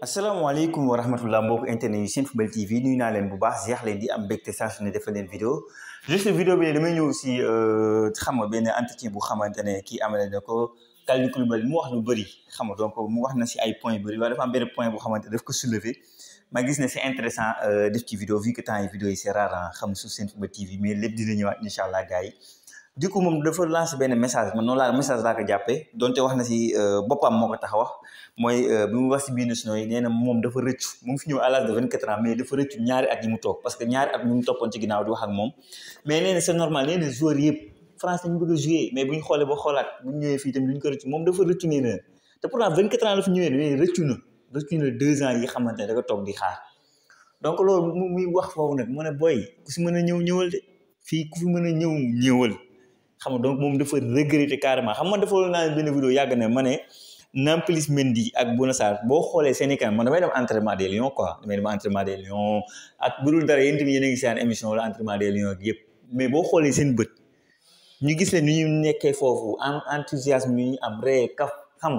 assalamu alaykum wa rahmatullah mbokk internet yu football TV nuy naa leen bu baax jeex len di am mbégte saa su ne defal leen vidéo juste vidéo bi ne damay ñëw euh xam ben entretien bu xamantene ki kii amale na ko Kalidou mu wax lu bari xam donc mu wax na ci ay point bari wa dafa am benn point bu xamantene daf ko soulever ma gis ne c'est intéressant euh def ci vidéo vu que temps yi vidéo yi c'est rare hein, xam nga sur football TV mais lepp dina ñëwaat incha allah gars du coup moom dafa lancé benn message man noonu laa message laa ko jàppee donte wax na si euh, wax mooy euh, bi si biir nationaux yi nee na moom dafa rëccu mu ngi fi ñëw à l'âge de vingt quatre ans mais dafa rëccu ñaari at yi mu ñu ngi toppoon ci ginnaaw di wax ak moom mais nee na c'est normal a jouer mais bu ñu xoolee na te pourtant vingt quatre ans la fi ñëwee mais rëccu donc loolu muy wax foofu nag mu ne boy ku si mën a ñëw ñëwal de fii ku fi mën a ñëw ñëwal xam nga donc moom dafa regretter carrément xam nga dafa naa benn vidéo na ma ne Nampalys Mendy ak Bouna Sarr boo xoolee seen i kanam man damay dem entraînement des Lions quoi damay dem entraînement des Lions ak émission wala entraînement des Lions ak yëpp mais boo xoolee seen bët ñu gis leen ni ñu nekkee foofu am enthousiasme bi ñu am ree kaf xam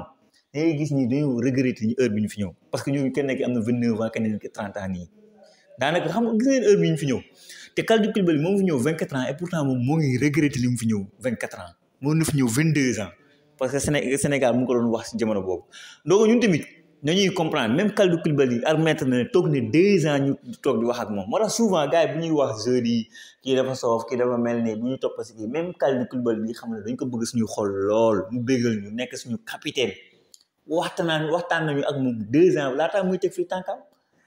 nga gis ni dañu regretter ñu heure ñu fi ñëw parce que ñu kenn nekk am na vingt neuf nekk trente nii danaka xam nga gis heure bi ñu fi ñëw te Kalidou Koulibaly moom fi ñëw 24 ans et pourtant moom moo ngi regretté li mu fi ñëw 24 ans moo ñu fi ñëw 22 ans parce que Sénégal mu ngi ko doon wax si jamono boobu donc ñun tamit nañuy comprendre même Kaldi Kalidou ak maître na ne toog ne deux ans ñu toog di wax ak moom moo tax souvent gars yi bu ñuy wax jeudi yi kii dafa soof kii dafa mel ni bu ñu topp si kii même Kalidou Koulibaly bi xam ne dañ ko bëgg suñu xol lool mu béggal ñu nekk suñu capitaine waxtaan waxtaan nañu ak moom 2 ans laataa muy teg fii tànkam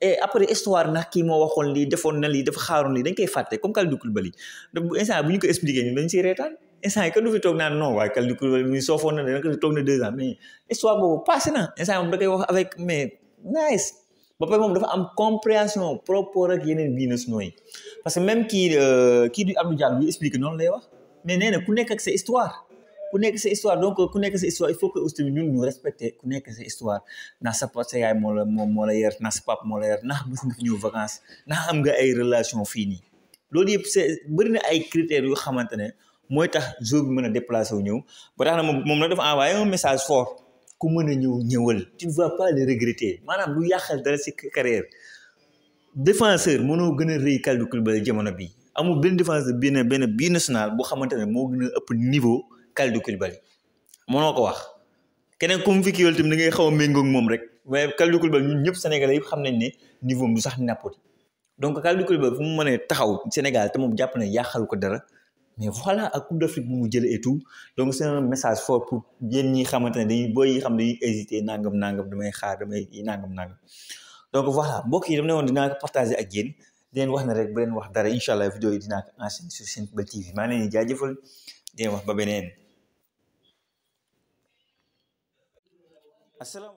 et après histoire ndax kii moo waxoon lii defoon na lii dafa xaaroon lii dañ fàtte comme Kalidou Koulibaly instant bu ñu ko expliqué ñun dañ siy da koy wax avec mais nice ba pare moom dafa am compréhension propre ak yeneen kii euh, kii du Abdou Diallo bi expliqué noonu lay wax mais nee ku nekk ak histoire ku nekk sa histoire donc ku nekk sa histoire il faut que aussi tamit ñun ñu respecter ku nekk sa histoire ndax sa papa sa yaay moo la moo moo la yar ndax sa papa moo la yar ndax mos nga fi ñëw vacances ndax am nga ay relation fii nii loolu yëpp c'est bëri na ay critères yu xamante ne mooy tax jour bi mën a déplacé wu ñëw ba tax na moom la dafa envoyé un message fort ku mën a ñëw ñëwal tu ne vas pas le regretter maanaam lu yàqal dara si carrière défenseur mënoo gën a rëy Kalidou Koulibaly jamono bi amul benn défenseur benn benn bii national boo xamante ne moo gën a ëpp niveau Kalidou Koulibaly mënoo ko wax keneen kom mu fi kiiwal tamit ngay xaw a méngóo moom rek waaye Kalidou Koulibaly ñun ñëpp Sénégalais yëpp xam nañ ni niveau bu sax Napoli donc Kalidou Koulibaly fu mu mënee taxaw Sénégal te moom jàpp na yàqal ko dara mais voilà ak Coupe mu jëlee et tout donc c'est message fort pour yéen xamante ne dañuy booy xam dañuy hésité nangam nangam damay xaar damay nangam nangam donc voilà mbokk yi dama ne woon dinaa ko partagé ak yéen di wax na rek bu leen wax dara incha allah vidéo yi dinaa ko enchaîner sur Senfootball TV maa ngi leen di jaajëfal wax ba beneen. আসসালাম